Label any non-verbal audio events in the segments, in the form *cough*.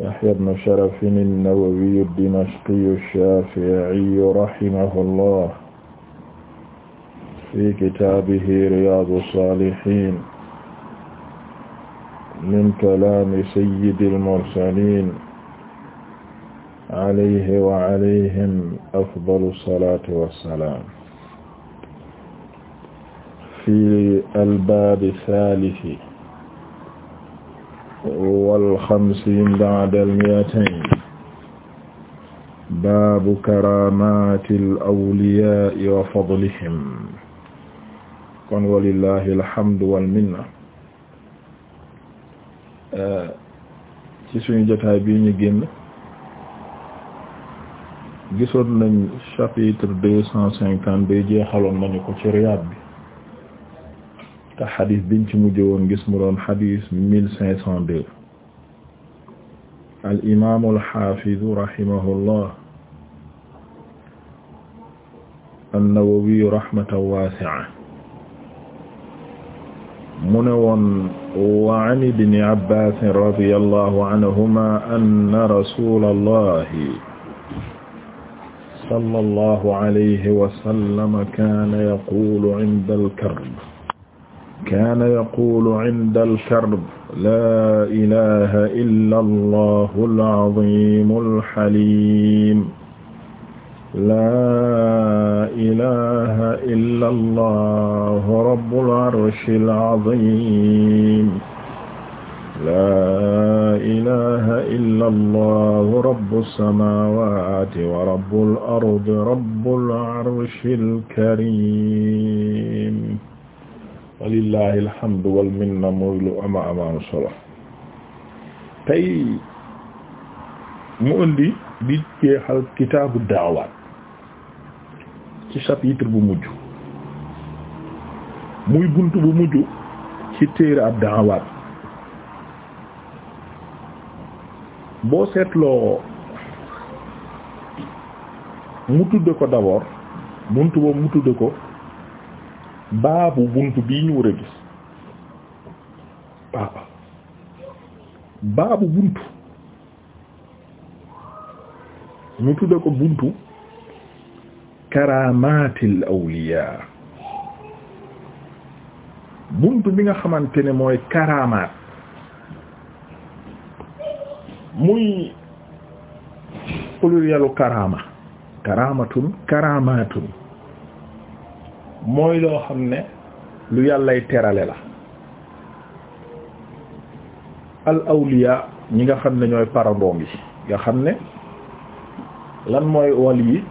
يحيى بن شرف النووي الدمشقي الشافعي رحمه الله في كتابه رياض الصالحين من كلام سيد المرسلين عليه وعليهم أفضل الصلاة والسلام في الباب الثالث wal xamsiin ba'dal mi'atayn baabu karaamaatil awliyaa'i wa fadlihim kon walillahi alhamdu wal minna ci suñu jotaay bii ñu génn gisoon nañ chapitre deux cent cinquante deux jeexaloon nañu ko ci Riyaad bi te xadis biñ ci mujj woon gis mu doon xadis mille cinq cent deux al imaamu al xaafidu rahimahullah an-Nawawi rahmatan waasi'a mu ne woon wa an ibni Abbaas radiyallahu anhumaa anna rasuulallahi sallallahu alayhi wa sallam kaana yaquulu inda al-karb kaana yaqulu inda al-karb laa ilaaha illa allahu al-aziimu al-haliim laa ilaaha illa allahu rabbul arshil aziim laa ilaaha illa allahu rabbus samaawaati wa rabbul ardi rabbul arshil kariim walillahi alhamdu wal minna muy lu ama amaanu solo tey mu indi di jeexal kitaabu daawaat ci chapitre bu mujj muy bunt bu mujj ci téere ab daawaat boo seetloo mu tudd ko d'abord bunt boobu mu tudde ko baabu buntu bii ñu war gis baabu buntu ñu tudde ko buntu karamatil awliya buntu bi nga xamante ne mooy karamaat muy plurielu karama karamatun karamatun mooy loo xam ne lu yàllay terale la al awliya ñi nga xam ne ñooy parandoom yi nga xam ne lan mooy wal yi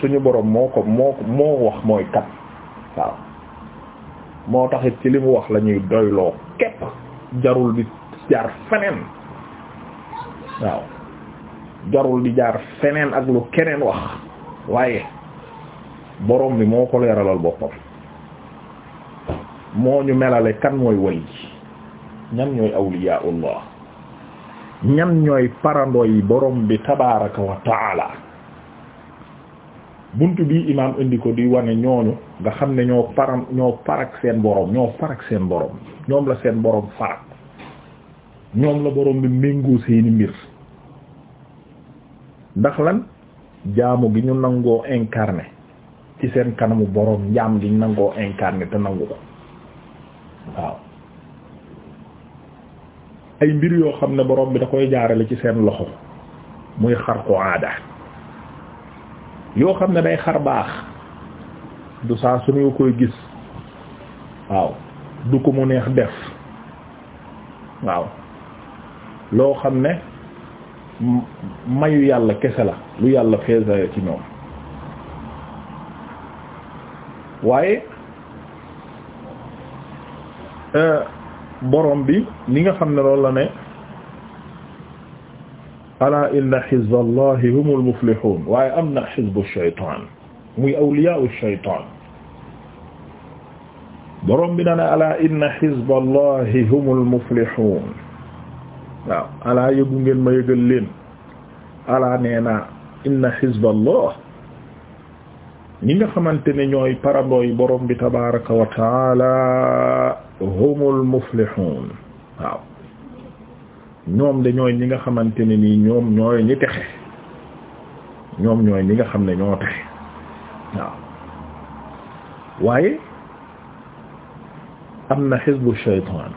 suñu boroom moo ko moo ko moo wax mooy kat waaw moo taxit ci li mu wax la ñuy doyloo képp jarul di jaar feneen waaw jarul di jaar feneen ak lu keneen wax waaye borom bi moo ko boppam moo ñu melale kan mooy way ñan ñooy awliyaullah ñan ñooy parandoo yi borom bi tabaraka wa taala bunt bi imaam indi ko di wane ñooñu nga xam ne ñoo param ñoo parak seen borom ñoom la seen borom farak ñoom la borom bi méngoo seeni mbir ndax lan jaamu gi ñu nangoo incarné ci seen kanamu boroom njaam liñ nangoo incarné te nangu ko waaw ay mbir yoo xam ne boroom bi da koy jaarale ci seen loxo muy xar ko aada yoo xam ne day xar baax du saa suñu koy gis waaw du ko mu neex def waaw loo xam ne mayu yàlla kese la lu yàlla feesaya ci ñoom waaye euh, borom bi ni nga xam ne loolu la ne ala inna hizballahi humul muflihun waaye am na hizbu shaytaan muy awliyaa'u shaytaan borom bi na ne ala inna hizballahi humul muflihun waaw alaa yëgu ngeen ma yëgal leen alaa nee naa inna hizballah ñi nga xamante ne ñooy parandooy borom bi tabaraka wa taala humul muflihun waaw ñoom de ñooy ñi nga xamante ne nii ñoom ñooy ñi texe ñoom ñooy ñi nga xam ne ñoo texe waaw waaye am na xisbu shaytaan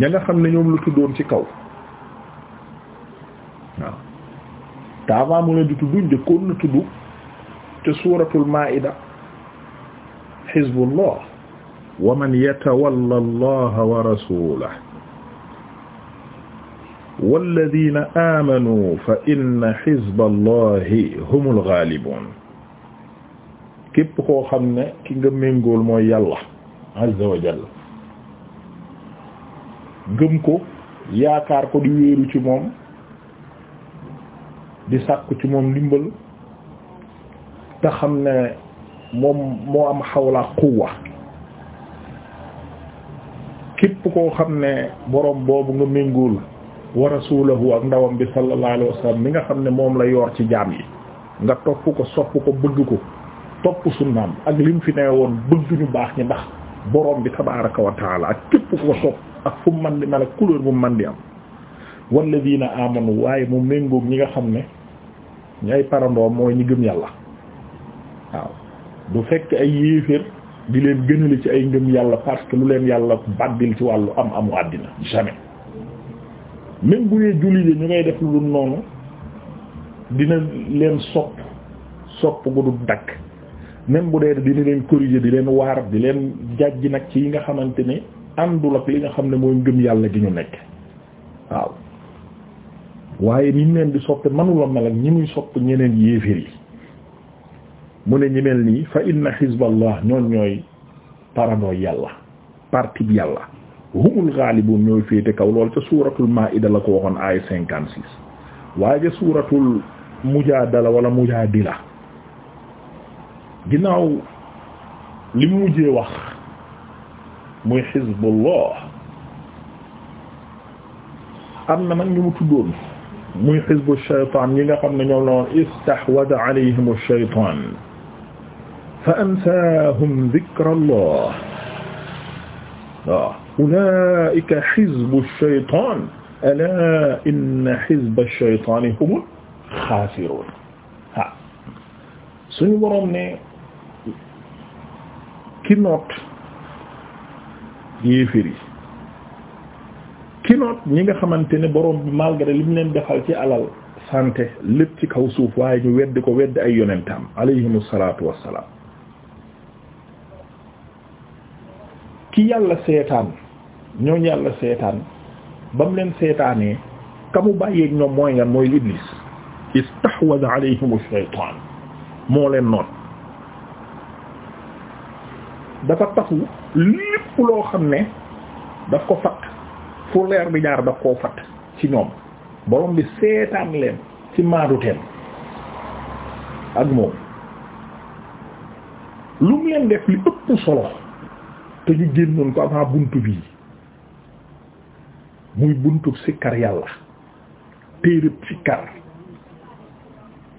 ña nga xam ne ñoom la tuddoon ci kaw waaw te avant di tudd njëkkoon na tudd te suuratul maa'ida hizbullah wa man yatawalla allaha wa rasulahu walladina amanu fa inna hizballahi humul ghalibun képp koo xam ne ki nga méngool mooy yàlla azza wa jalla gëm ko yaakaar ko di wéeru ci moom di sàkku ci moom ndimbal te xam ne moom moo am xawla quwwa képp koo xam ne boroom boobu nga méngool wa rasulahu ak ndawam bi sallallahu alayhi wasallam mi nga xam ne moom la yoor ci jaam yi nga topp ko sopp ko bëgg ko topp sunnaam ak lim fi ne woon bëgg ñu baax ñi ndax boroom bi tabaraka wa taala ak képp ko sopp ak fu man di mel bu man di am walladina amanu waaye mu méngoog ñi nga xam ne ñay parandoo mooy ñi gëm yàlla waaw du fekk ay yéeféer di leen gënale ci ay ngëm yàlla parce que lu leen yàlla baddil ci wàllu am amu àddina jamais même bu dee jullit ñu ngay def lu dul noonu dina leen sopp sopp gu du dakk même bu dee dina leen corriger di leen waar di leen jàjj nag ci yi nga xamante ni àndul ak li nga xam ne mooy ngëm yàlla gi ñu nekk waaw waaye ni mu leen di soppe manula mel ak ñi muy sopp ñeneen yéeféer yi mu ne ñi mel nii fa inna hizballah ñoon ñooy paranooy yàlla parti bi yàlla humul ghalibun ñooy féete kaw lool ca suuratul maa'ida la ko waxoon ay cinquante six waaye ca suuratul mujaadala wala mujaadila ginnaaw li mu mujjee wax muy hizbullah am na man ñu mu tuddoon muy hizbu shaytaan ñi nga xam ne ñoom la woon istahwada alayhim ash-shaytaan fa ansaahum dhikrallah waaw ulaa'ika hizbu shaytaan alaa inna hizba shaytaani humul xaasiruun ha suñu boroom ne ki noot yéefér yi ki noot ñi nga xamante ne boroom bi malgré li mu leen defal ci alal santé lépp ci kaw suuf waaye ñu weddi ko weddi ay yonentam alayhimu salaatu wassalaam ki yàlla seetaan ñooñ yàlla seetaan ba mu leen seetaanee ka mu bàyyeeg ñoom mooy ngan mooy iblis istahwada alayhim ash moo leen noon dafa tafu lépp loo xam ne daf ko fatt fu leer bi jaar daf koo fatt ci ñoom borom bi seetaan leen ci maadu ak moom lu mu leen def li ëpp solo te ñu génnoon ko avant buntu bii muy buntu sikkar yàlla téereb sikkar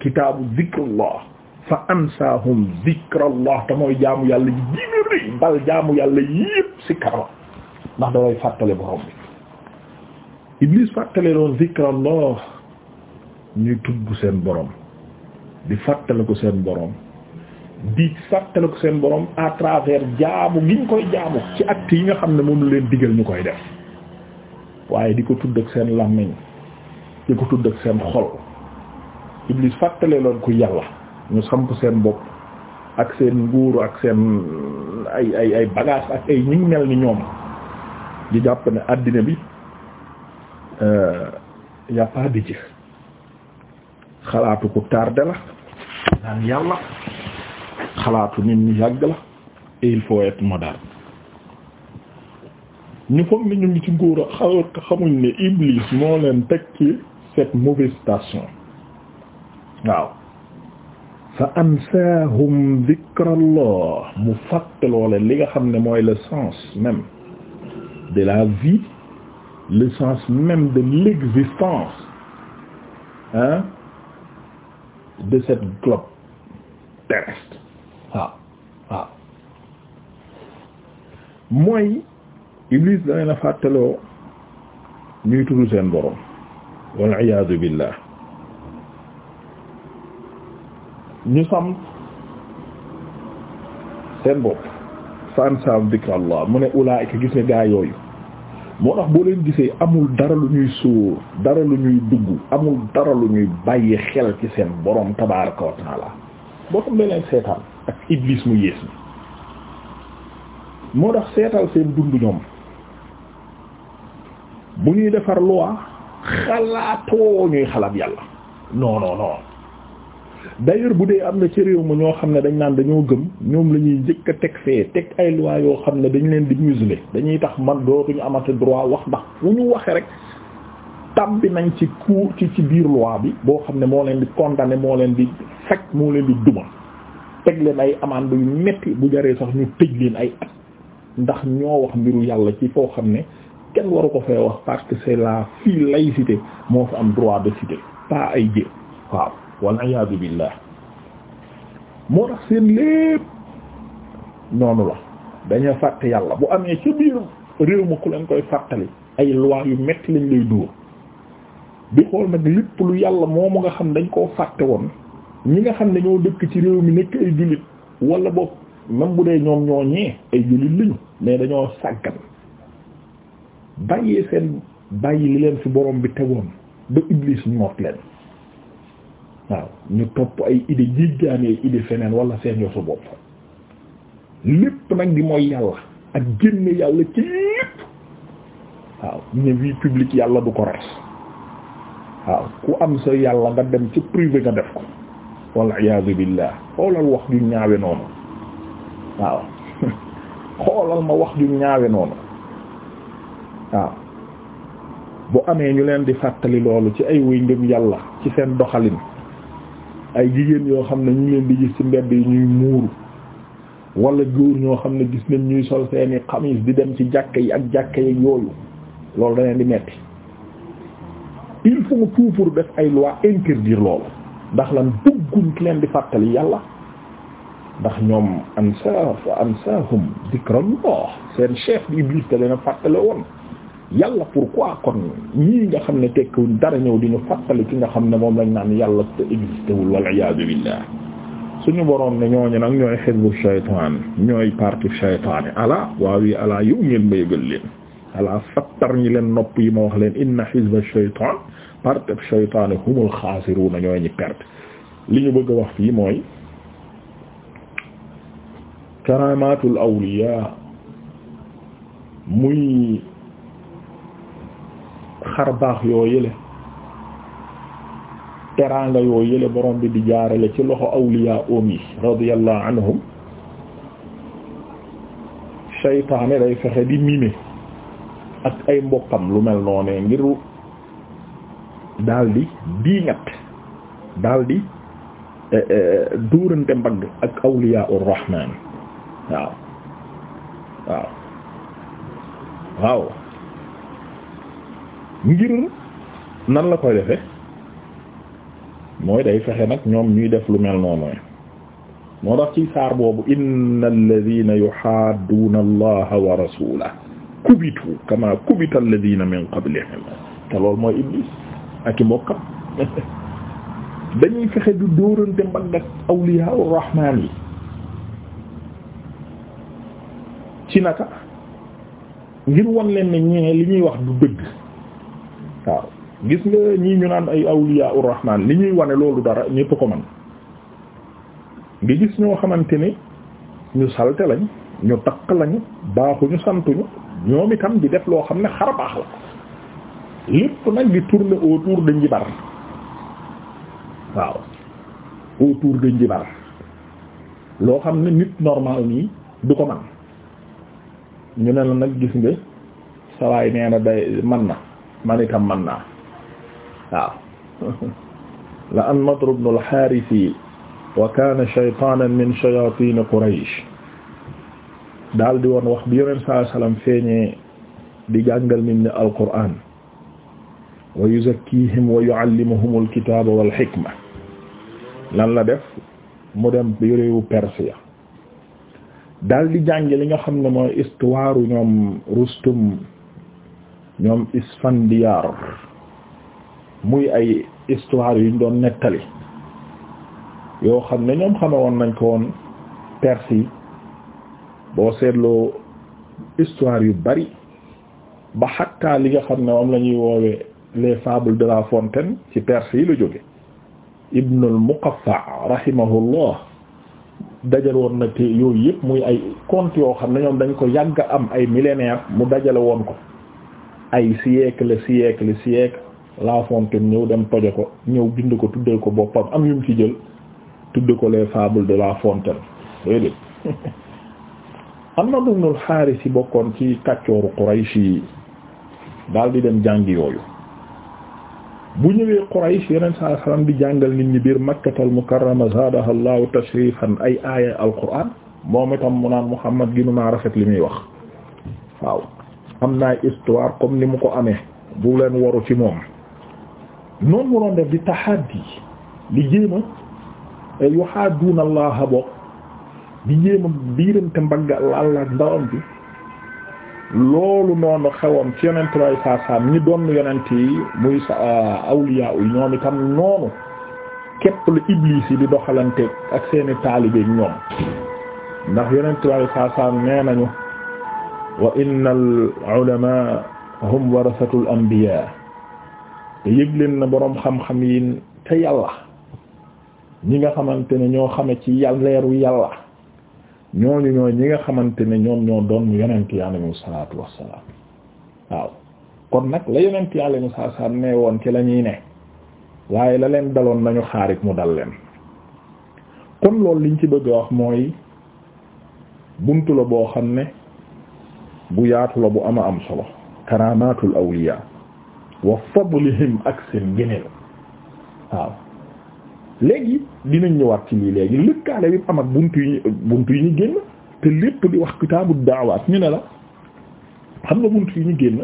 kitaabu zikrullah fa ansaahum zikrullah te mooy jaamu yàlla ji jinéri bal jaamu yàlla yépp sikkar la ndax dalay fàttale borom bi iblis fàttale loon zikrullah ñuy tudd seen borom di fàttale ko seen borom di fàttaliku seen borom à travers jaamu gi ñu koy jaamu ci actes yi nga xam ne moom leen digal ñu koy def waaye di ko tudd ak seen làmmiñ di ko tudd ak seen xol Iblis fàttale loon ko yàlla ñu samp seen bopp ak seen nguuru ak seen ay ay ay bagages ak ay ñi mel ni ñoom di jàpp ne àddina bi euh, y a pas xalaatu ku tardé la naan yàlla. xalaatu nit ñi yàgg la et il faut être moderne ñu foog ni ñu ngi ci nguur a xaw xamuñ ne Iblis moo leen teg ci cette mauvaise station waaw fa ansaahum dhikrallah mu fàttaloo leen li nga xam ne mooy le sens même de la vie le sens même de l'existence hein de cette globe terrestre waaw waaw mooy Iblis da leen a fàttaloo ñuy tudd seen borom wal iyaadu billah ñu sam seen bopp fa ansaahum dikrallah mu ne ulaa'ika gis ne gaa yooyu moo tax boo leen gisee amul dara lu ñuy sóor dara lu ñuy dugg amul dara lu ñuy bàyyi xel ci seen borom tabaaraka wa boo xam ne leen seetaan ak iblis mu yées mi moo tax seetal seen dund ñoom bu ñuy defar loi xalaatoo ñuy xalaat yàlla non non non bu dee am na ci réew ma ñoo xam ne dañ naan dañoo gëm ñoom la ñuy njëkk teg fee teg ay loi yoo xam ne dañ leen di museler dañuy tax man ñu amati droit wax ndax fu ñu waxee rek tàmbi nañ ci cour ci ci biir loi bi boo xam ne moo leen di condamné moo leen di faj moo leen di duma teg leen ay amande yu metti bu jaree sax ñu tëj leen ay at ndax ñoo wax mbiru yàlla ci foo xam ne kenn waru ko fee wax parce que c'est la fii laïcité moo fa am droit de cité pas ay jë waaw waliyasu billah moo tax seen lépp noonu la dañoo fàtte yàlla bu amee ca biir réew ma ku leen koy fàttali ay loi yu metti lañ lay dóor di xool nag lépp lu yàlla moomu nga xam dañ koo fàtte woon ñi nga xam ne ñoo dëkk ci réew mi nekk ay jullit wala boog même bu dee ñoom ñoo ñee ay jullit lañu mais dañoo sàggan bàyyi seen bàyyi li leen fi borom bi tegoon ba iblis ñoot leen waaw ñu topp ay idée jéggaani ay idée feneen wala seen yosu bopp lépp nag di mooy yàlla ak génne yàlla ci waaw ñu vie publique yàlla du ko res waaw ku am sa yàlla nga dem ci privé nga def ko walla iyaazu billah xoolal wax ju ñaawe noonu waaw *laughs* xoolal ma wax ju ñaawe noonu waaw bu amee ñu leen di fàttali loolu ci ay wéy ngëm yàlla ci seen doxalin ay jigéen yoo xam ne ñu ngi leen di gis ci mbedd yi ñuy muuru wala góor ñoo xam ne gis nañ ñuy sol seeni xamis di dem ci jàkk yi ak jàkka yi yooyu loolu da leen di metti il faut tout pour def ay loi interdire loolu ndax lan bëgguñ ki leen di fàttali yàlla ndax ñoom ansa fa ansahum zikrallah seen chef di Iblis te dana fàttale woon yàlla pourquoi kon ñii nga xam ne tekkiwuñ dara ñëw di ñu fàttali ki nga xam ne moom lañ naan yàlla te existewul wal iyaadu billah suñu boroom ne ñooñu nag ñooy xisbu shaytaan ñooy parti shaytaan ala waaw yi ala yow ngeen ma yëgal leen ala fattar ñi leen nopp yi ma wax leen inna hizba shaytan parte shaytan humul xaasiruna ñooy ñi perte li ñu bëgg wax fii mooy karamatul awliya muy xar baax yoo yële teraanga yoo yële borom bi di jaarale ci loxo awliya om yi anhum shaytaane day fexe di mime ak ay mbokkam lu mel noonee ngir daldi diingat daldi eh, eh, duurante mbagg ak awliyaa ur-rahmaan waaw waaw ngir nan la koy defe mooy day fexe nag ñoom ñuy def lu mel noonu moo tax ci saar boobu innal ladina yuhaadduuna allaha wa rasulahu kubitu kama kubita alladhina min qablihim te loolu mooy iblis ak i mbokkam *laughs* dañuy fexe du dóorante mbagg ak awliya ar-rahmaan yi ci naka ngir won leen ne ñee li ñuy wax du dëgg waaw gis nga ñii ñu naan ay awliya ar-rahmaan li ñuy wane loolu dara ñépp ko man nga gis ñoo xamante ni ñu salte lañ ñu takk lañu baaxuñu santuñu ñoom itam di def loo xam ne xar baax la lépp nag di tourner autour di njibar waaw autour de njibar loo xam ne nit normal nii du ko man ñu ne la nag gis nga sawaay nee na day man na man itam man naa waaw *laughs* la an Nadr ibn al-Harith wa kana shaytanan min shayatin Quraysh daal di woon wax bi yonent sallallahu alayhi wasallam feeñee di jàngal nit ñi alquran wa yuzakkihim wa yuallimuhum alkitaba wal hikma lan la def mu dem réewu Perse daal di jànge li nga xam ne mooy histoire ñoom Rustum ñoom Isfandiyaar muy ay yu yuñ doon nettali yoo xam ne ñoom xame woon nañ ko woon Perse boo seetloo histoire yu bari ba xattaa li nga xam ne moom lañuy ñuy woowee les fables de la fontaine ci perse yi la jóge Ibn al-Muqaffa rahimahullah dajal woon na te yooyu yëpp muy ay contes yoo xam ne ñoom dañ ko yàgg am ay millénaires mu dajale woon ko ay siècle siècle siècle la fontaine ñëw dem toje ko ñëw bind ko tuddee ko boppam am yu mu ci jël tudde ko les fables de la fontaine déedéet *laughs* am na ibn al Haaris bokkoon ci kàccooru Quraysh yi daal di dem jàngi yooyu bu ñëwee Quraysh yeneen saa salaam di jàngal nit ñi biir Makkatal Mukarrama zaadaha Allahu tashrifan ay aaya alquran moom itam mu naan Muhammad gi nu maa rafet li muy wax waaw am naa histoire comme ni mu ko amee bu leen waru ci moom noonu mu def di tahaddi di jéema eh, yuhaadduuna Allaha bokk di jéem a biirante mbagg Allah ndawam bi loolu noonu xewam ci yonent way ñi doon yonent yi muy sa euh, awliya yi ñoom itam noonu képp lu iblis yi di doxalanteeg ak seeni taalibeeg ñoom ndax yonent way saa saam nee nañu wa innal ulama hum warasatul te yëg na boroom xam-xam yi te yàlla ñi nga xamante ne ñoo xame ci yàlla leeru yàlla ñooñu ñooy ñi nga xamante ne ñoom ñoo doon mu yonent yi alayhimu salaatu wassalaam waaw kon nag la yonent yi alayhimu salaatu nee woon ci la ñuy ne waaye la leen daloon nañu xaarit mu dal leen kon loolu liñ ci bëgg a wax mooy buntu la boo xam ne bu yaatu la bu a am solo karaamaatul awliyaa wa fadlihim ak seen ngëneel waaw léegi dinañ ñëwaat ci lii léegi lëkkaale bi am ak buntu yi buntu yi ñu génn te lépp di wax kitaabu daawaat ñu ne la xam nga buntu yu ñu génn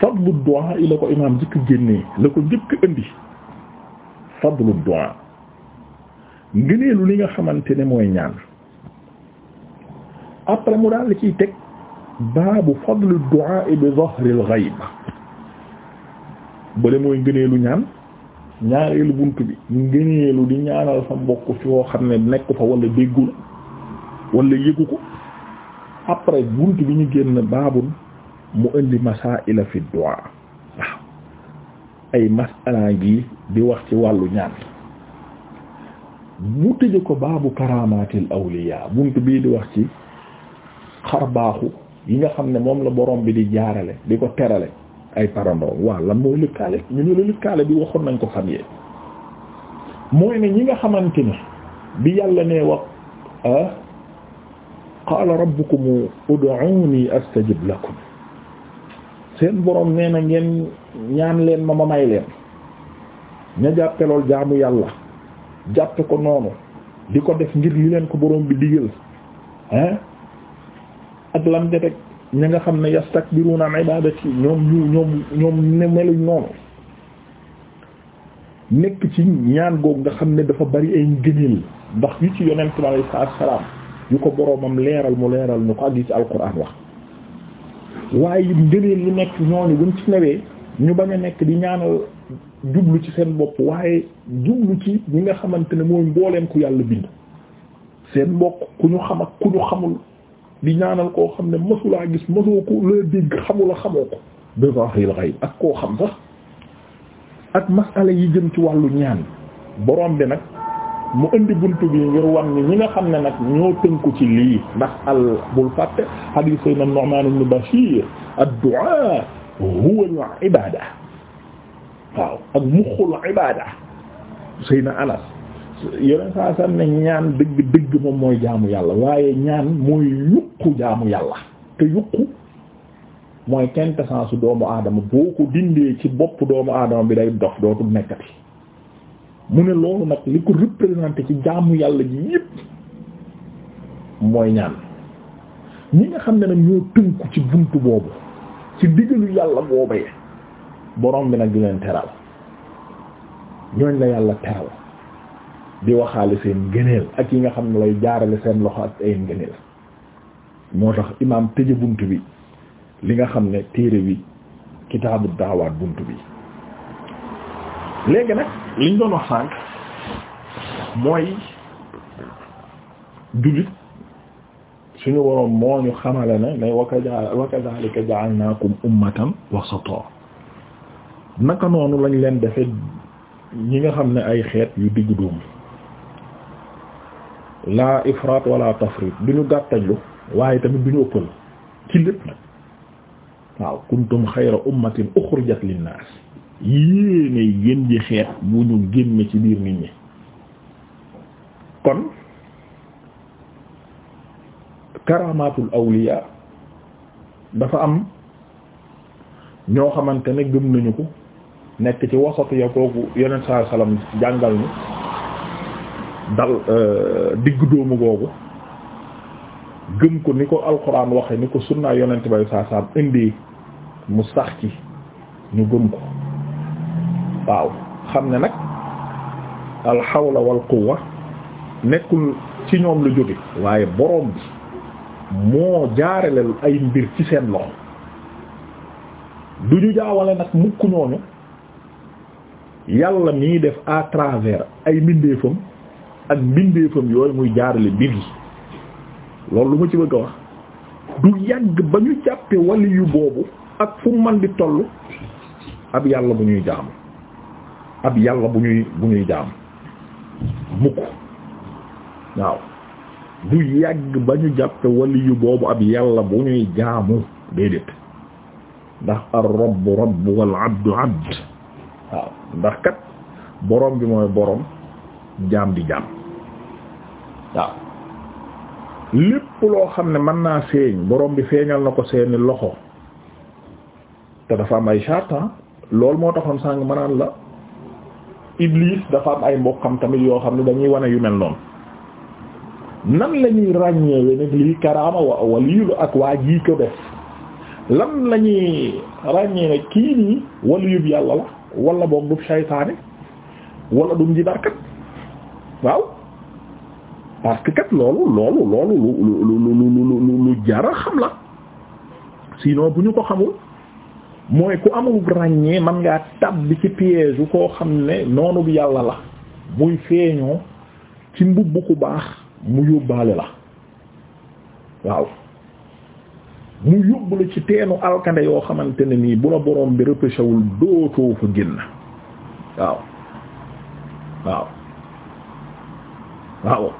fadlu du'a yi la ko imaam njëkk génnee la ko njëkk indi fadlu du'a ngëneelu li nga xamante ne mooy ñaan après mu daal la ciy teg baabu fadlu du'a bi dhahril ghayb bële mooy ngëneelu ñaan ñaareelu bunt bi ngëneelu di ñaanal sa mbokk fi woo xam ne nekk fa wala déggu la wala yëgu ko après bunt bi ñu génn baabul mu indi masaa'ila fi du'a ay masala gi di wax ci wàllu ñaan bu tëje ko baabu karamaatil awliya bunt bii di wax ci xar baaxu yi nga xam ne moom la borom bi di jaarale di ko terale ay parandoom waaw lan mooy lëkkaale ñu ne la lëkkaale bi waxoon nañ ko fan yee mooy ne ñi nga xamante ne bi yàlla ne wax ah, qaala rabbukum ud'uuni astajib lakum seen boroom nee na ngeen ñaan leen ma ma may leen ña jàppelool lool jaamu yàlla jàppe ko noonu di ko def ngir li leen ko boroom bi digal hein ah, ak lam ja teg ñi nga xam ne yastakbiruna an ibadati ñoom ñu ñoom ñoom ne meluñ noonu nekk ci ñaan googu nga xam ne dafa bari ay ngëneel ndax yu ci yonent bi alayhi salaam yu ko boroomam leeral mu leeral ñu ko ak yi ci alquran wax waaye ngëneel li nekk ñooñu buñ ci newee ñu bañ a nekk di ñaanoo jublu ci seen bopp waaye jublu ci ñi nga xamante ne mooy mbooleem ku yàlla bind seen mbokk ku ñu xam ku ñu xamul di ñaanal koo xam ne masulaa gis masoo ko la dégg xamula xamoo ko devenril xayb ak koo xam sax ak masala yi jëm ci wàllu ñaan borom bi nag mu indi buntu bi ngir wan ni ñi nga xam ne nag ñoo tënku ci lii ndax al bul fàtte hadith sayna Nu'man ibn Bashir ad-du'a huwa al-ibada waaw ak muxul ibada sayna Anas yeneen saa sam ne ñaan dëgg dëgg moom mooy jaamu yàlla waaye ñaan mooy yuqu jaamu yàlla te yuqu mooy quintessence su doomu aadama boo ko dindee ci bopp doomu aadama bi day dof dootul nekkati mu ne loolu nag li ko représenté ci jaamu yàlla ji yépp mooy ñaan ñi nga xam ne nag ñoo tënku ci bunt boobu ci diggalu yàlla boobee borom bi nag di leen teral ñooñ la yàlla teral di waxaale seen ngëneel ak yi nga xam ne lay jaarale seen loxo ak ay ngëneel moo tax imaam tëje bunt bi li nga xam ne téere bi kitaabu daawaat bunt bi léegi nag liñ doon wax sànq mooy jullit suñu waroon moo ñu xamale ne mais wa kaza ko kadhalika wax sa wasata naka noonu lañ leen defe ñi nga xam ne ay xeet yu diggu dóomu la ifrat wala tafrit du ñu gàttañlu waaye tamit du ñu ëppal ci lépp nag waaw kuntum xayra ummatin uxrijat linnaas yéene yén ji xeet bu ñu génne ci biir nit ñi kon karamatul awliya dafa am ñoo xamante ne gëm nañu ko nekk ci wasatu ya kooku yeneen saa salaam jàngal ni dal euh, diggu dóomu googu gëm ko ni ko alxuraan waxe ni ko sunnaa yonent bay saa saam indi mu sax ci ñu gëm ko waaw xam ne nag alxawla wal quwwa nekkul ci ñoom la jóge waaye boroom bi moo jaareleel ay mbir ci seen loxo du ñu jaawale nag mukk ñooñu yàlla mii def à travers ay mbindeefam ak mbindeefam yooyu muy jaarale mbir yi loolu lu ma ci bëgg a wax du yàgg ba ñu jàppe wali yu boobu ak fu man di toll ab yàlla bu ñuy jaam ab yàlla bu ñuy bu ñuy jaam mukk waaw du yàgg ba ñu jàppe wali yu boobu ab yàlla bu ñuy jaamu déedéet ndax ar rabb rabb wal abdu abd waaw ndax kat borom bi mooy boroom jaam di jaam waaw lépp loo xam ne mën naa feeñ borom bi feeñal na ko seeni loxo te dafa am ay chartan ah. loolu moo taxoon sàng mënaan la Iblis dafa am ay mbokkam tamit yoo xam ne dañuy wane yu mel noonu nan la ñuy ràññeewe nag lii karaama wa waliyu ak waa jii ko def lan la ràññee ne kii nii waliyub yàlla la wala boog du saytaane wala dum ji darkat waaw parce que kat loolu loolu loolu lu lu lu lu jara xam la sinon bu ñu ko xamul mooy ku amul ràññee man ngaa tàbbi ci piège yu koo xam ne noonu bi yàlla la muy feeñoo ci mbubb ku baax mu yóbbaale la waaw mu yóbbu la ci teenu alkande yoo xamante ne nii bu la borom bi repêché wul dootoo fa génn waaw waaw waaw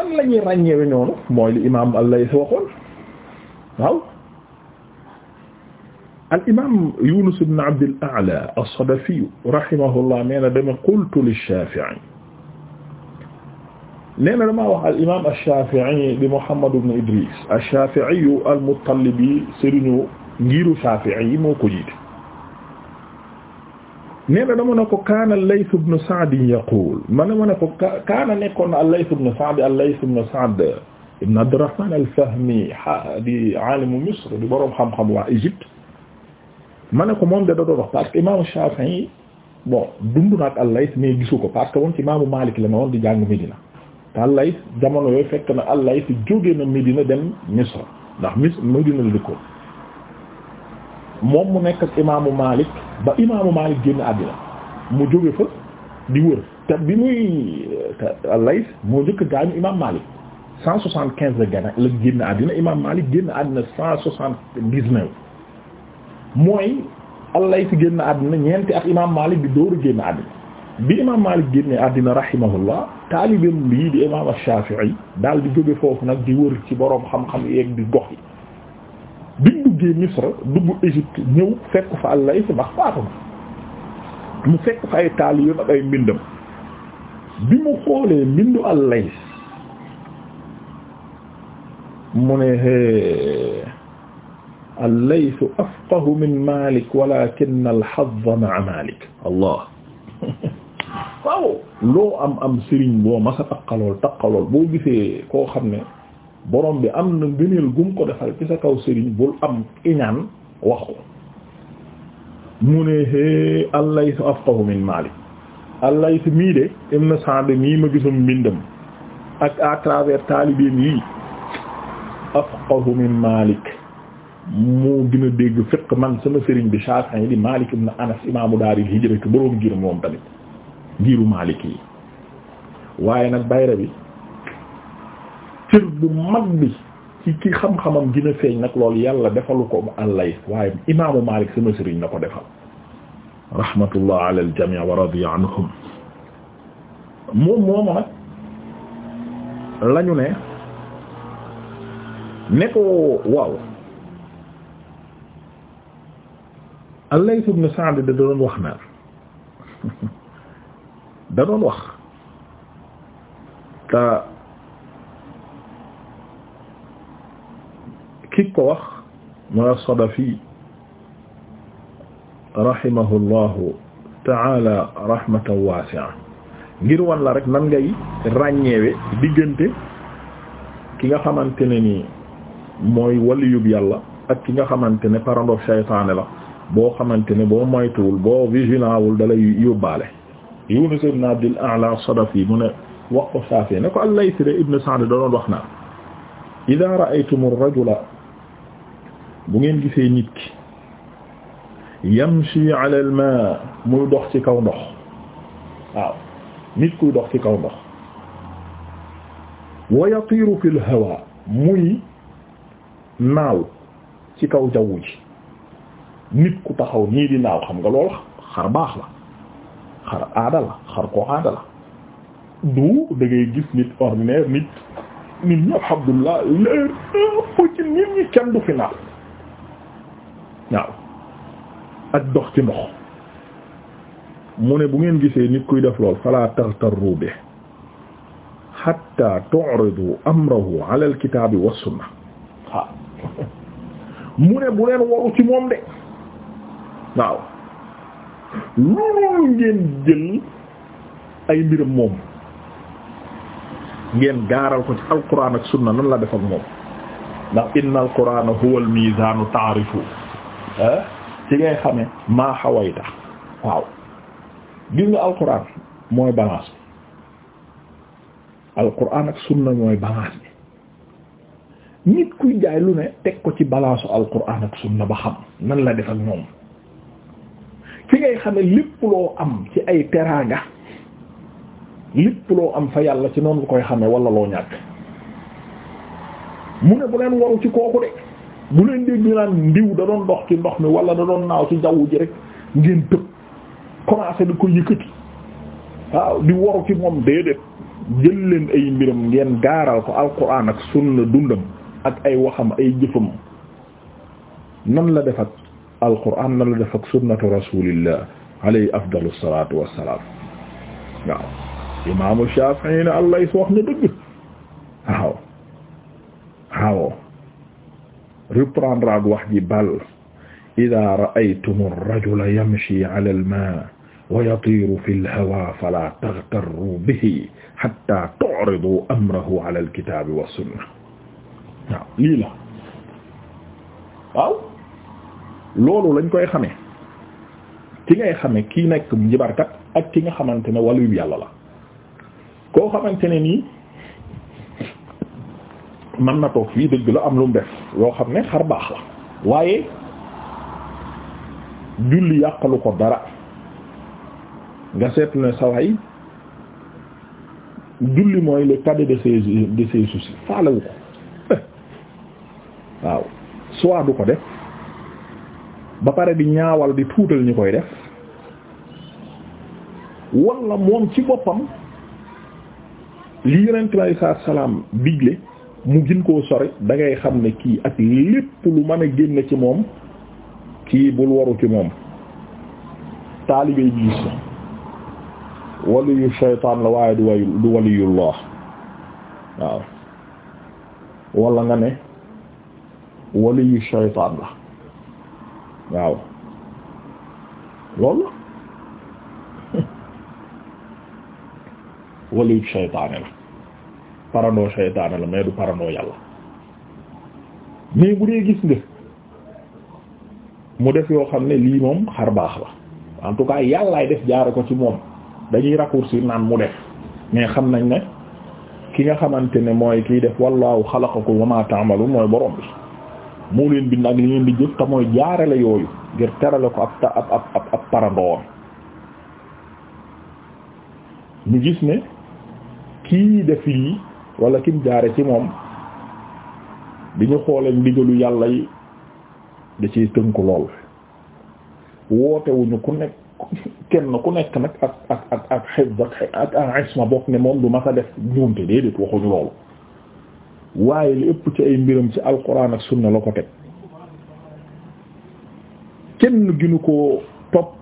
nan la ñuy ràññeewe ñoonu mooy li imaam al-Layth waxoon waaw al imaam Yunus ibn Abd al-A'la as-Sadafi rahimahullah nee na dama qultu lish-Shafi'i nee na damaa wax al imaam ash-Shafi'i di Muhammad ibn Idris ash-Shafi'i al-Muttalibi sëriñu ngiru Shafi'i yi moo ko jiite nee na dama ne ko kaana Layth ibn Sa'd yaqul ma ne ma ne ko kaana nekkoon al-Layth ibn Sa'd al-Layth ibn Sa'd ibn Abdurrahman al-Fahmi di aalimu Misr di boroom xam-xam waa Égypte ma ne ko moom de da doon wax parce que imaamu Shafi'i bon dund na ak mais gisu ko parce que moom ci imaamu Malik la ne di jàng Médina te al-Layth jamono yooyu fekk na al-Layth jóge na ndax Misr moom mu nekk ak imaamu Malik ba imaamu Malik génn àddina mu jóge fa di wër te bi muy Layth moo njëkk gaañu imaam Malik cent soixante quinze la gana la génn àddina imaam génn àddina cent soixante dix-neuf mooy Layth génn àddina ñeenti ak imaam Malik di dóoru génn àddina bi imaam Malik génne àddina rahimahullah taalibeem lii di imaam Shafi'i daal di jóge foofu nag di wër ci boroom xam-xam yeeg di gox yi biñ duggee Misra dugg Égypte ñëw fekk fa àllay si ndax faatu mu fekk fa ay taaliyoon ak ay bi mu xoolee mbindu àllay mu ne hee allaysu afqahu min Malik walakin allah *laughs* waaw loo am am sëriñ boo masa taqalool taqalool boo gisee koo xam ne boroom bi am na ngëneel gum ko defal ci sa kaw sëriñ bul am iñaan wax mu ne hee allaytu afqahu min Maalik allaytu mii de ibn Sa'd mii ma ak à travers taalibeem yii afqahu min Maalik moo gën dégg fiq man sama sëriñ bi Shaafi'i di Maalik ibn Anas imaamu daaril hijra boroom giiru moom tamit giiru Maalik yi waaye nag bayra cër bu mag bi ci ki xam-xamam dina feeñ nag lool yàlla defalu ko mu waaye imaamu Maalik sama sëriñ la ko defal rahmatullah ala jamii wa anhum moom moomu nag lañu ne ne ko waaw Al-Layth ibn Sa'd da doon wax naan *laughs* da doon wax ta ki ko wax mooy Sadafi rahimahullahu taala rahmatan wasi'a ngir wan rek nan ngay ràññeewe diggante ki nga xamante ne nii mooy waliyub yàlla ak ki nga xamante ne parandof saytaane la boo xamante ne boo moytuwul boo vigilant wul dalay yóbbaale Yunus ibn Abdil A'la Sadafi mu ne wax ko saafee ne ko al-Layth ibn Sa'd da doon wax naa idha ra'aytum ar-rajula bu ngeen gisee nit ki yamshi ala al ma muy dox ci kaw ndox waaw nit kuy dox ci kaw ndox wa yatiru fil hawa muy naaw ci kaw jaww ji nit ku taxaw nii di naaw xam nga lool xar baax la xar aada la xar ko aada la du da ngay gis nit ordinaire nit nit ñi alhamdulillah leer ko ci nit ñi kenn du fi naaw ak dox ci ndox mu ne bu ngeen gisee nit kuy def lool fala tartarru bi hatta tu'ridu amrahu ala alkitabi was sunna waaw mu ne bu leen waru ci moom de waaw loolu ngeen jël ay mbiram moom ngeen gaaral ko ci alquran ak sunna nan la def ak moom ndax inna alqurana huwa almizanu ta'rifu ah ci ngay xamee maa xawayta waaw gis nga alquran mooy balance bi alquran ak sunna mooy balance bi nit kuy jaay lu ne teg ko ci balance u alquran ak sunna ba xam nan la def ak ñoom fi ngay xamee lépp loo am ci ay teraanga lépp loo am fa yàlla ci noonu lu koy xamee wala loo ñàkk mu ne bu waru ci kooku de bu leen dégg ñu naan ndiw da dox ci ndox mi wala da doon naaw ci jaww ji rek ngeen tëb commencé di ko yëkkati waaw di waru ci moom déedéet jël leen ay mbiram ngeen gaaral ko alquran ak sunna dundam ak ay waxam ay jëfam nan la def ak alquran nan la def sunnatu rasulillah alayhi afdalu salatu wassalaam waaw imaamu Shafi'i ne Allah wax na dëgg waaw waaw reprendre ak wax ji bal ida ra'aytum ar-rajula yamshi 'ala al-ma'i wa yatiru fi al-hawa fala taghtarru bihi hatta tu'ridu amrahu 'ala al-kitabi wa sunna waaw lii la waaw loolu lañ koy xamee ki ngay xamee kii nekk njibarkat ak ki nga xamante ne wàllu yàlla la koo xamante ne nii mën na toog fii dëgg la am lu mu def yoo xam ne xar baax la waaye julli yàqalu ko dara nga seetlu ne sawaay julli mooy le cadet de ses de faalewu ko *laughs* waaw soit du ko def ba pare di ñaawal di tuutal ñi koy def walla moom ci boppam li yonent bi alayhi salaam digle mu gin koo sori dangay xam ne kii ak lépp lu mën a génn ci moom kii bul waru ci moom taalibe Iblis la waliyu shaytaan la waaye nga ne waliyu shaytaan la waaw loolu *laughs* waliyu shaytaan la parano seytaane la mais du parano yàlla mais bu dee gis nga mu def yoo xam ne lii moom xar baax la en tout cas yàllaay def jaare ko ci moom dañuy raccourcir naan mu def mais xam nañ ne ki nga xamante ne mooy kiy def wallaahu xalaqakum ko ma ta'malu mooy borom bi moo leen bind ak li ngeen di jëf te mooy jaarale yooyu ngir terale ko ab ab ab ab parandoor ñu gis ne kii def lii wala kim jaare ci moom bi ñu xoolee ndigalu yàlla yi di ciy tënku lool wootewuñu ku nekk kenn ku nekk nag ak ak ak ak xifz ak ak isma bokk ne moom du mas a def njuumte déedéet waxuñu loolu waaye li ëpp ci ay mbiram ci alquran ak sunna la ko teg kenn ginu ko topp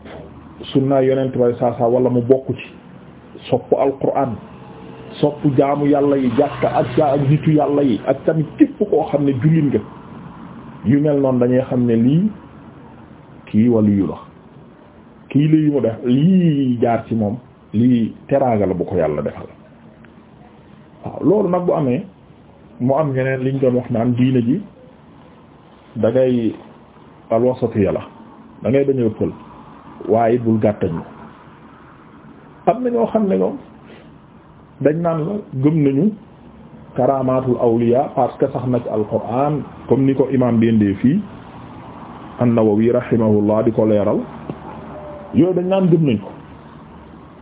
sunna yonent bay saa saa wala mu bokk ci sopp alquran sopp jaamu yàlla yi jàkka ak ak nitu yàlla yi ak tamit képp koo xam ne jullit nga yu mel noonu dañuy xam ne lii kii waliyu la kii lii mu def lii jaar ci moom lii teraanga la bu ko yàlla defal loolu nag bu amee mu am ñeneen liñ doon wax naan diine ji dangay ngay alwasatu yàlla da ngay bañ waaye bul gàttañ am na ñoo xam ne ñoom dañ naan la gëm nañu karamaatul awliya parce que sax na ci alquran comme ni ko imam dendee fii an-Nawawi rahimahullah di ko leeral yooyu dañ naan gëm nañ ko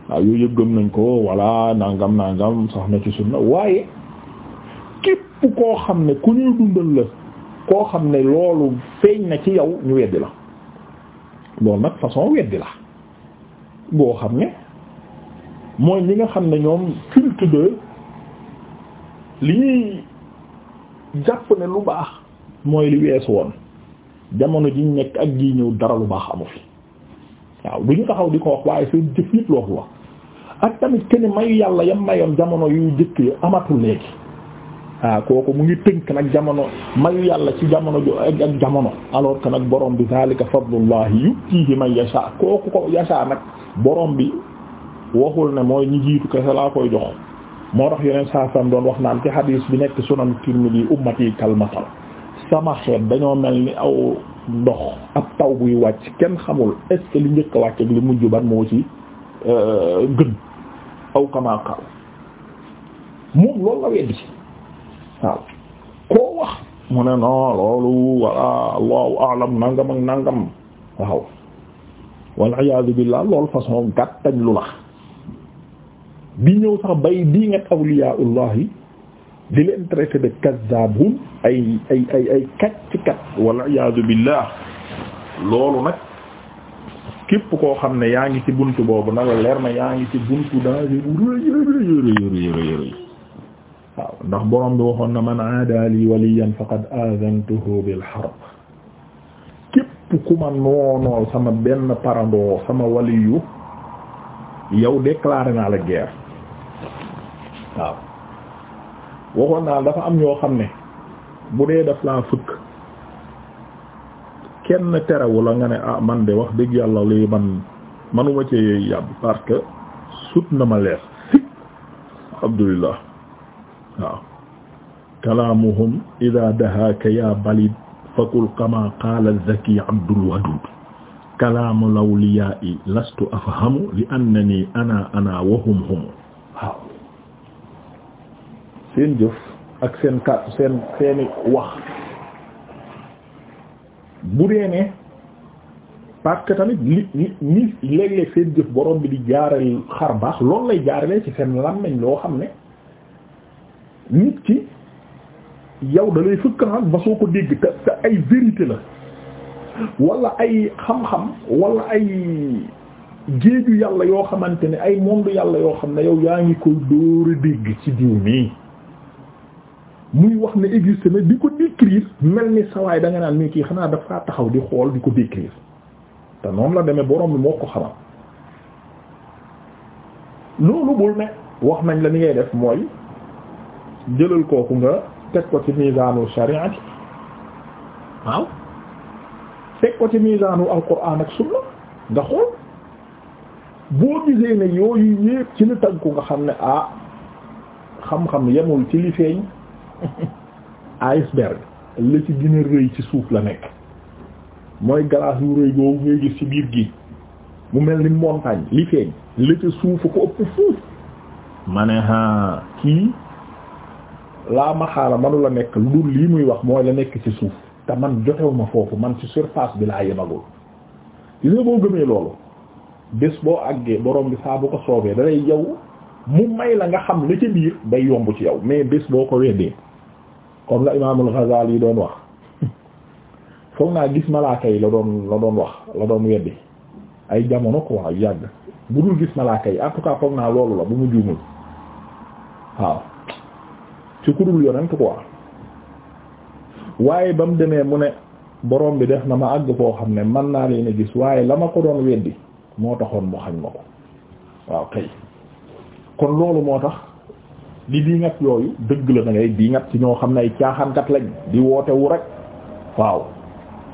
waaw yooyu yëpp gëm nañ ko walla nangam nangam sax na ci sunna waaye képp koo xam ne ku ñuy dundal la koo xam ne loolu feeñ na ci yow ñu weddi la loolu nag façon weddi la boo xam ne mooy ñi nga xam ne ñoom culte de li ñuy jàpp ne lu baax mooy li wees woon jamono ji nekk ak ji ñëw dara lu baax amu fi waaw du ñu taxaw di ko wax waaye seen jëf yëpp loo ko wax ak tamit kenn mayu yàlla yam mayoon jamono yu jëkk yi amatul léegi waaw ah kooku mu ngi tënk nag jamono mayu yàlla ci jamono ju ak jamono alors que nag borom bi zalika fadlullahi yutihi man yasha kooku ko yasha nag borom bi waxul ne mooy ñi jiitu kese laa koy jox moo tax yeneen saa sam doon wax naan ci hadis bi nekk sunan Tirmidhi ummati kal matal sama xeet dañoo mel ni aw ndox ab taw buy wàcc kenn xamul est li njëkk a wàcc ak li mujj ban moo ci euh, gën aw kamaakaal moom loolu la allahu alam nangam ak nangam waaw wal iyaadu billaah loolu façon gàttañ lu la di ñëw sax bay di nga awliyaullahi di leen traité de kazzabun ay ay ay ay kacc kat wal iyaadu billah loolu nag képp koo xam ne yaa ngi ci buntu boobu nag leer na yaa ngi ci buntu danger bu rëy waaw ndax borom bi waxoon na man aada li waliyan faqad azantuhu bil harb képp ku ma noonool sama benn parandoo sama waliyu yow déclaré naa la guerre waaw waxoon naa dafa am yoo xam ne bu dee daf laa fëkk kenn terewu la nga ne ah man de wax dëgg yàlla lii man manuma ci yàbb parce que sut na ma leer *laughs* alhamdulillah waaw kalaamuhum ida dahaaka ya balid fakul kama qaala zaki abdul wadud kalaamu lawliyaa i lastu afhamu li annani ana ana wahum seen jëf ak seen ka seen seeni wax bu dee ne parce que tamit li li ni seen jëf borom bi di jaaral xar baax loolu lay jaarale ci seen làmmiñ loo xam ne nit ki yow da lay fëkk naan ba soo ko dégg te ay vérité la wala ay xam-xam wala ay géeju yàlla yoo xamante ne ay monde yàlla yoo xam ne yow yaa ngi koy dóor a dégg ci diw mii muy wax ne existe na di ko décrire mel ni sawaay da nga naan mii kii xanaa dafa taxaw di xool di ko décrire te noonu la demee borom bi moo ko xamal loolu bul ne wax nañ la ni ngay def mooy jëlal kooku nga teg ko ci miisaanu shariati waaw teg ko ci miisaanu alquran ak sunna nga xool boo gisee ne yooyu yépp ci lu tag ko nga xam ne ah xam-xam yemul ci li feeñ *laughs* iceberg la ci gën a rëy ci suuf la nekk mooy galaas yu rëy boobu ngay gis ci biir gi mu mel ni montagne li feeñ la ca suufu ko ëpp fuuf ma kii laa maxaala manu la nekk lu dul lii muy wax mooy la nekk ci suuf te man jotewu ma foofu man ci surface bi laa yemagul gis nga boo gëmee loolu bés boo àggee borom bi saa bu ko soobee dalay yow mu may la nga xam la ca biir day yomb ci yow mais bés boo ko weddee comme la imaamul Ghazali yi doon wax foog naa gis malaaka yi la doon la doon wax la doon weddi ay jamono quoi yàgg bu dul gis malaaka yi en tout cas foog naa loolu la bu mu juumul waaw ci ku dul yonent quoi waaye ba mu demee mu ne borom bi def na ma àgg koo xam ne man naa leen gis waaye la ma ko doon weddi moo taxoon mu xañ ma ko waaw kay kon loolu moo tax di diingat yooyu dëgg la da diingat ci ñoo xam ne ay caaxaankat lañ di woote wu rek waaw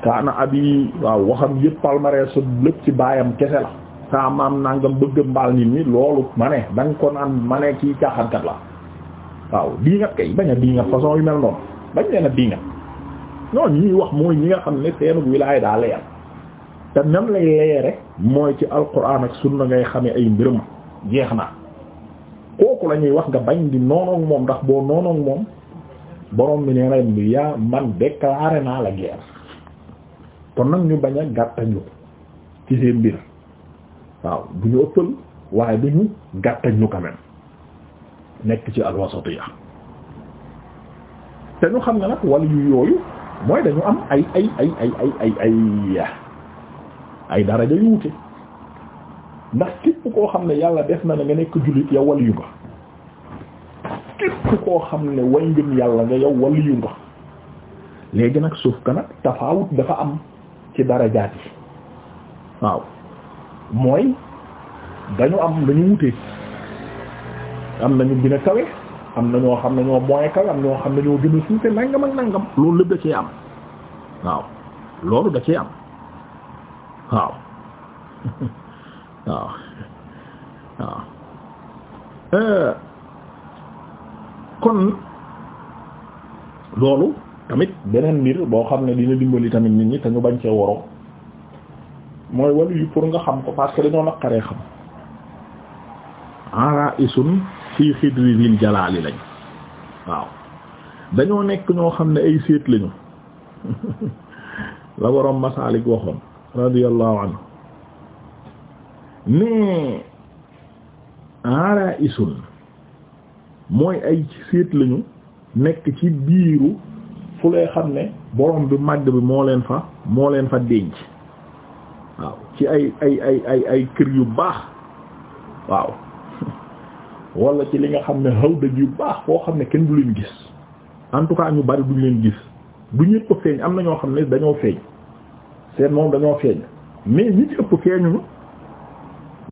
kaana abi waaw waxam yëpp palmarès sa lépp ci baayam kese la saa maam nangam bëgg mbaal nit ñi loolu ma ne da nga ko naan ma ne kii caaxaankat la waaw diingat kay bañ a diingat façon yu mel noonu bañ leen diingat ñooñu ñuy wax mooy ñi nga xam ne seenug wilaay daa leer te nam lay leere mooy ci alquran ak sunna ngay xamee ay mbirum jeex na kooku ñuy wax nga bañ di noonoog moom ndax boo noonoog moom borom bi nee na yaa man déclaré naa la guerre kon nag ñu bañ a gàttañu ci seen mbir waaw du ñu ëppal waaye du ñu gàttañu quand même nekk ci alwasatiya te ñu xam ne nag wala yu yooyu mooy dañu am ay ay ay ay ay ay daraja yu wute ndax képp koo xam ne yàlla def na ne nga nekk jullit yow waliyu nga képp koo xam ne way ngëm yàlla nga yow waliyu nga léegi nag suuf ka tafaawut dafa am ci darajaat yi waaw mooy dañu am dañu wutee am nañu gën a kawe am na ñoo xam ne ñoo moyen kawe am ñoo xam ne ñoo gën a suufe nangam ak nangam loolu lépp da cee am waaw loolu da cee am waaw *laughs* waaw waaw euh, kon loolu tamit beneen mbir boo xam ne dina dimbali tamit nit ñi te ñu bañ cee woro mooy wàllu yu pour nga xam ko parce que dañoo naqaree xam ara isun fii xidri zil jalaali lañ waaw dañoo nekk ñoo xam ne ay séet lañu *laughs* la boroom masaalik waxoon radiyallahu anhu ne ara isun mooy ay séet lañu nekk ci biiru fu lay xam ne borom bi màgg bi moo leen fa moo leen fa denc waaw ci ay ay ay ay ay kër yu baax waaw *laughs* wala ci li nga xam ne xaw dëgg yu baax foo xam ne kenn du leen gis en tout cas ñu bari duñ leen gis du ñëpp feeñ am na ñoo xam ne dañoo feeñ seen moom dañoo feeñ mais ñi ci ëpp feeñu